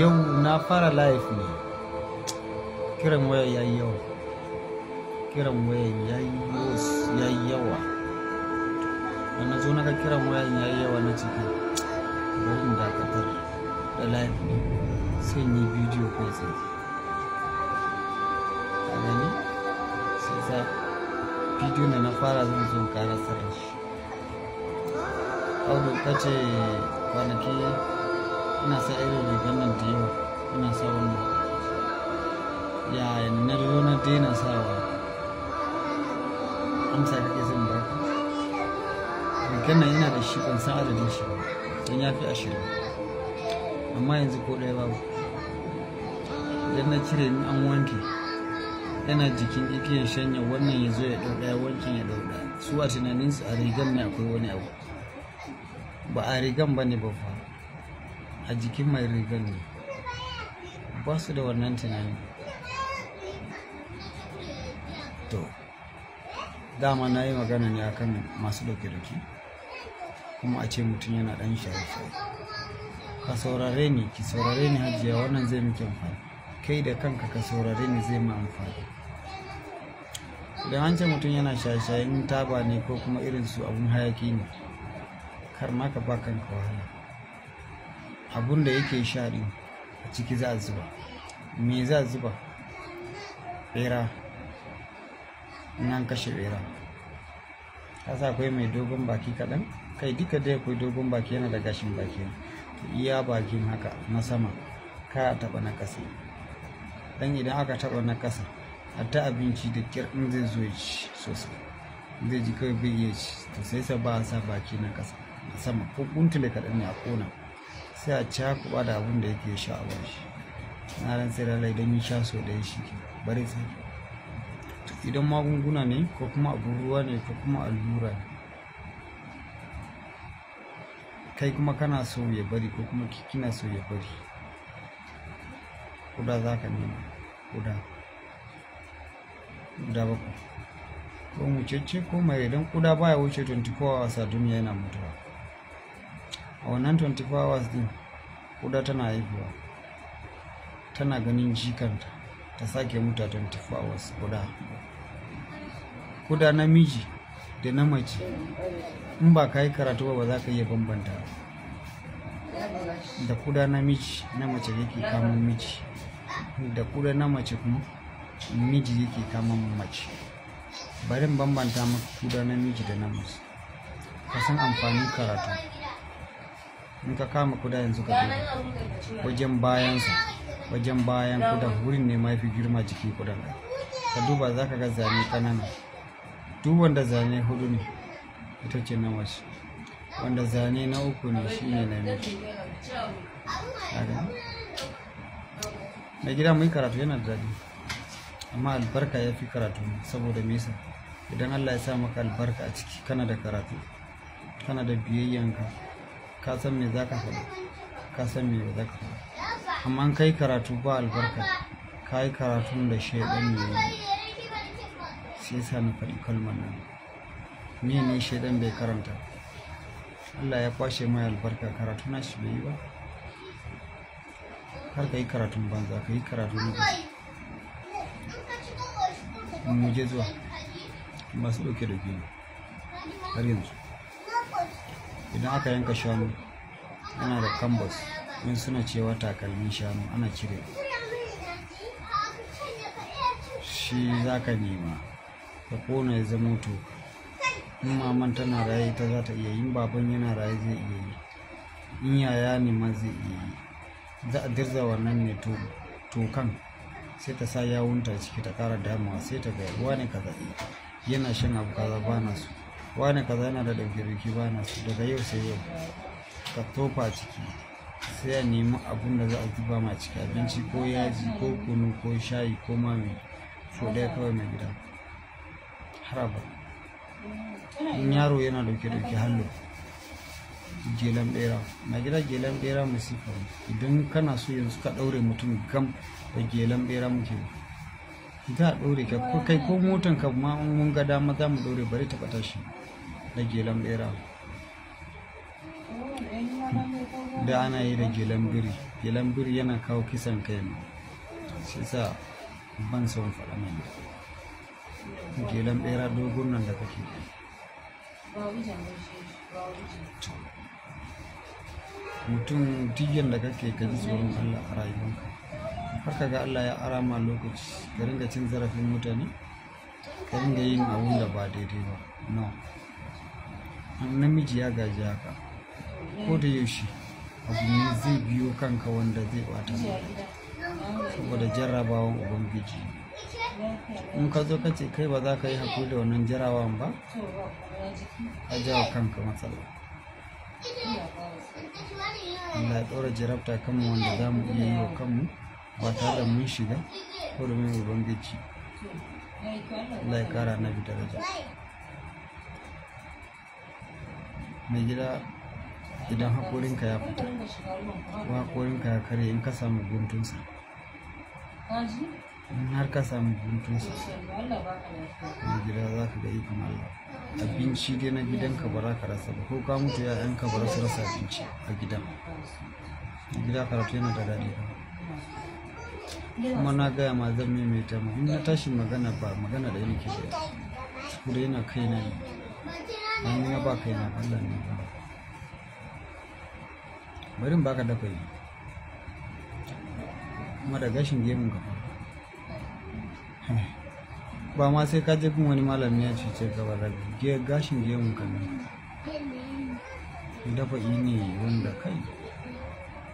yau na fara live ne kiran waya ya yi yawa kiran waya ya yi yawa da na zo na ga kiran waya ya yi yawa na ciki bari in dakatar da live ne sai yi bidiyo kai tsaye a gani sai sa bidiyo na na fara zan zo karasar da audu ka ce kwanaki ina sa irin rigar nan da yawa ina sa wannan ya na zo na daina sawa amsa ke zan ba rigar nan ina da shi ban san adadin shi ba don ya fi ashirin amma yanzu ko ɗaya babu idan na cire ni an wanke yana jikin igiyar shanya wannan ya zo ya ɗau ɗaya wankin ya ɗau ɗaya su a tunaninsu a rigar ne akwai wani abu ba a rigan ba ne ba fa a jikin mai rigan ne ba su da wannan tunani to dama na yi magana ne akan masu dauke doki kuma a ce mutum yana ɗan shaye-shaye ka saurare ni ki saurare ni hajiya wannan zai miki amfani kai da kanka ka saurare ni zai ma amfani idan an ce mutum yana shaye taba ne ko kuma irin su abun hayaki ne kar ma ka ba kanka wahala abun da yake shari a ciki za a zuba me za a zuba bera nan kashe bera kasa akwai mai dogon baki kaɗan kai duka dai akwai dogon baki yana da gashin baki iya bakin haka na sama ka taba taɓa na ƙasa dan idan aka taɓa na ƙasa hatta abinci da kyar in zai zo ci sosai zai ji kawai bai iya ci to sai sa ba a sa baki na ƙasa sama ko guntule kaɗan ne a kona sai a cakuɓa da abin da yake sha a bashi na ran sai da don yi sha so da ya shi bari sai idan magunguna ne ko kuma abin ruwa ne ko kuma allura ne kai kuma kana so ya bari ko kuma kina so ya bari kuda za ka nema kuda kuda bakwai ko mucece ko mai idan kuda baya wuce 24 hours a duniya yana mutuwa a wannan 24 hours din kuda tana haihuwa tana ganin jikanta ta sake muta 24 hours kuda kuda namiji da na mace in ba ka yi karatu ba ba za ka iya bambanta da kuda namiji na mace yake kamun miji da kuda na mace kuma miji yake kamun mace bari bambanta maka kuda namiji da na mace ka san amfanin karatu in ka kama kuda yanzu ka wajen bayan su wajen bayan kuda wurin ne mafi girma jiki kudan ka duba za ka ga zane kanana duk wanda zane hudu ne ita ce na wasu wanda zane na uku ne shi ne na miki mai gida mai karatu yana da daɗi amma albarka ya fi karatu saboda mesa idan allah ya sa maka albarka a ciki kana da karatu kana da biyayyanka ka san me za ka faɗi ka san me za ka faɗi amma kai karatu ba albarka ka yi karatun da shaidan ne sai sa na faɗi kalmar nan me ne shaidan bai karanta Allah ya kwashe mai albarka karatu na shi bai yi ba har ka yi karatun banza ka yi karatu ne ba mu je zuwa masu ɗauke da gini har yanzu idan aka yanka shanu ana da kambas in suna cewa takalmin shanu ana cire shi za ka nema ka kona ya zama to in maman tana raye ita za ta iya yin baban yana raye zai iya yi in yaya ne ma zai iya yi za a dirza wannan ne tokan sai ta sa yawunta ciki ta kara damuwa sai ta ga ruwa ne kaza yana shan abu kaza bana su wani kaza yana da ɗauke dauki ba na su daga yau sai yau ka tofa ciki sai a nemi abin da za a zuba ma ciki abinci ko yaji ko kunu ko shayi ko mami so ɗaya kawai mai gida haraba in yaro yana dauke dauke hallo gelan bera mai gida gelan bera masifa idan kana so yanzu ka ɗaure mutum gam da gelan bera muke za a ɗaure ka kai ko motan ka ma mun ga dama mu ɗaure bari ta tashi na gelan bera da ana yi da gelan biri gelan biri yana kawo kisan kai ne shi sa ban son faɗa nan gelan bera dogon nan da kake mutum duk da kake ka ji tsoron allah a rayuwanka har ka ga allah ya arama lokaci ka ringa cin zarafin mutane ka ringa yin abun da ba daidai ba no namiji ya gaji haka ko da yaushe abu ne zai biyo kanka wanda zai bata saboda jarrabawan ubangiji in ka zo ka ce kai ba za ka yi haƙuri da wannan jarrabawan ba ka jawo kanka matsala Allah ya ɗora jarabta kanmu wanda za mu iya yi wa kanmu ba tare da mun shiga ko da mun ubangiji Allah ya ƙara na bi daraja mai gida idan haƙorinka ya fita ko haƙorinka ya karye in ka samu guntunsa in har ka samu guntunsa mai gida za ka ga ikon Allah abinci dai na gidanka ba za ka rasa ba ko ka mutu ka ba su rasa abinci a gidan gida karatu yana da daɗi kuma na gaya ma zan maimaita mai in na tashi magana ba magana da yake da kuskure kai na ne an ya ba kai na Allah ne ba. bari ba ka dafa yi kuma da gashin gemun ka ba ma sai ka jefin wani malami ya ce ka ba da gashin gemun ka ne dafa yi ne wanda kai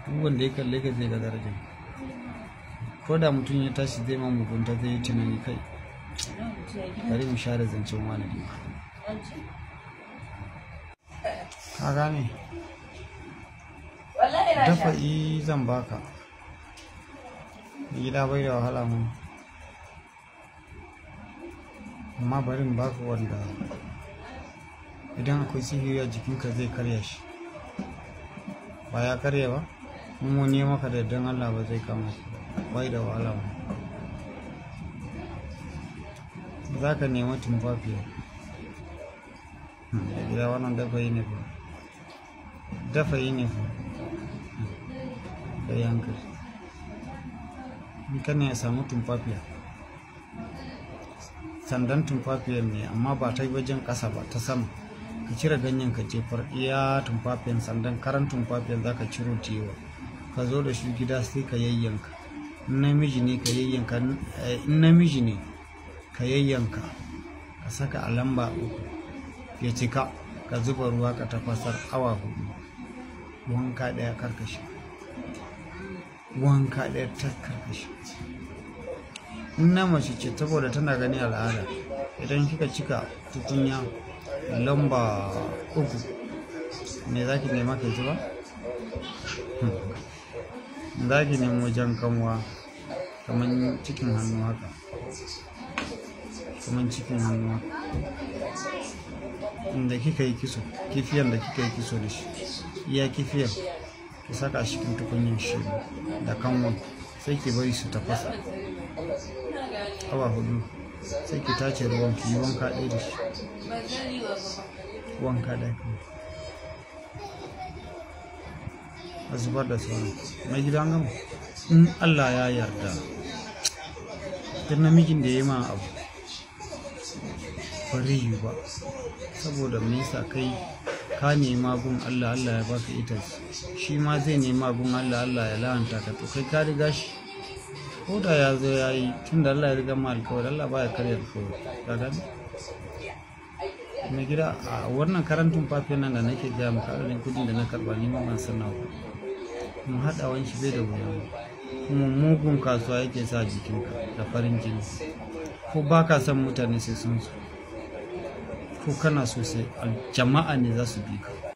duk wanda ya kalle ka zai ga darajar ko da mutum ya tashi zai ma mugunta zai yi tunani kai bari mu share zancen wani ne ka gane dafa yi zan baka gida bai da wahala mun amma bari in baka wanda idan akwai sihiri a jikinka zai karya shi ba ya karya ba in wani maka da don allah ba zai kama bai da wahala mun za ka nemi tumfafiya hmm, gida wannan dafa yi ne ba dafa uniform da in kana ya samu tumfafiya sandan tumfafiyar ne amma ba ta yi wajen ƙasa ba ta sama ka cire ganyen ka jefar iya tumfafiyar sandan karan tumfafiyar za ka ciro tewa ka zo da shi gida sai ka yayyanka in namiji ne ka yayyanka eh, in namiji ne ka yayyanka ka saka a lamba uku ya cika ka zuba ruwa ka tafasar awa hudu wanka ɗaya karkashi wanka ɗaya ta karkashi in na mace ce saboda tana gani al'ada idan kika cika tukunya lamba uku me za ki nema kai ba? Hmm. za ki nemo jan kanwa kamar cikin hannu haka kamar cikin hannu haka inda kika yi kiso kifiyan da kika yi kiso da shi iya kifiyar ki saka shi cikin tukunyin shi da kanwa sai ki bari su tafasa awa hudu sai ki tace ruwan ki yi wanka ɗaya da shi wanka ɗaya a zubar da sauran mai gida gama in allah ya yarda duk namijin da ya ma abu bari yi ba saboda mai yasa kai ka nema gun Allah Allah ya baka ita shi ma zai nema gun Allah Allah ya la'anta ka to kai ka riga shi ko da ya zo ya yi tun da Allah ya riga ma alkawari Allah ba ya karya alkawari ka gani gida a wannan karantun fafe nan da nake gaya maka adadin kudin da na karba ni ma ban san nawa mu haɗawan shi bai da wuya kuma mugun kasuwa yake sa jikinka da farin jini ko ba ka son mutane sai sun so ko kana so sai jama'a ne za su bi ka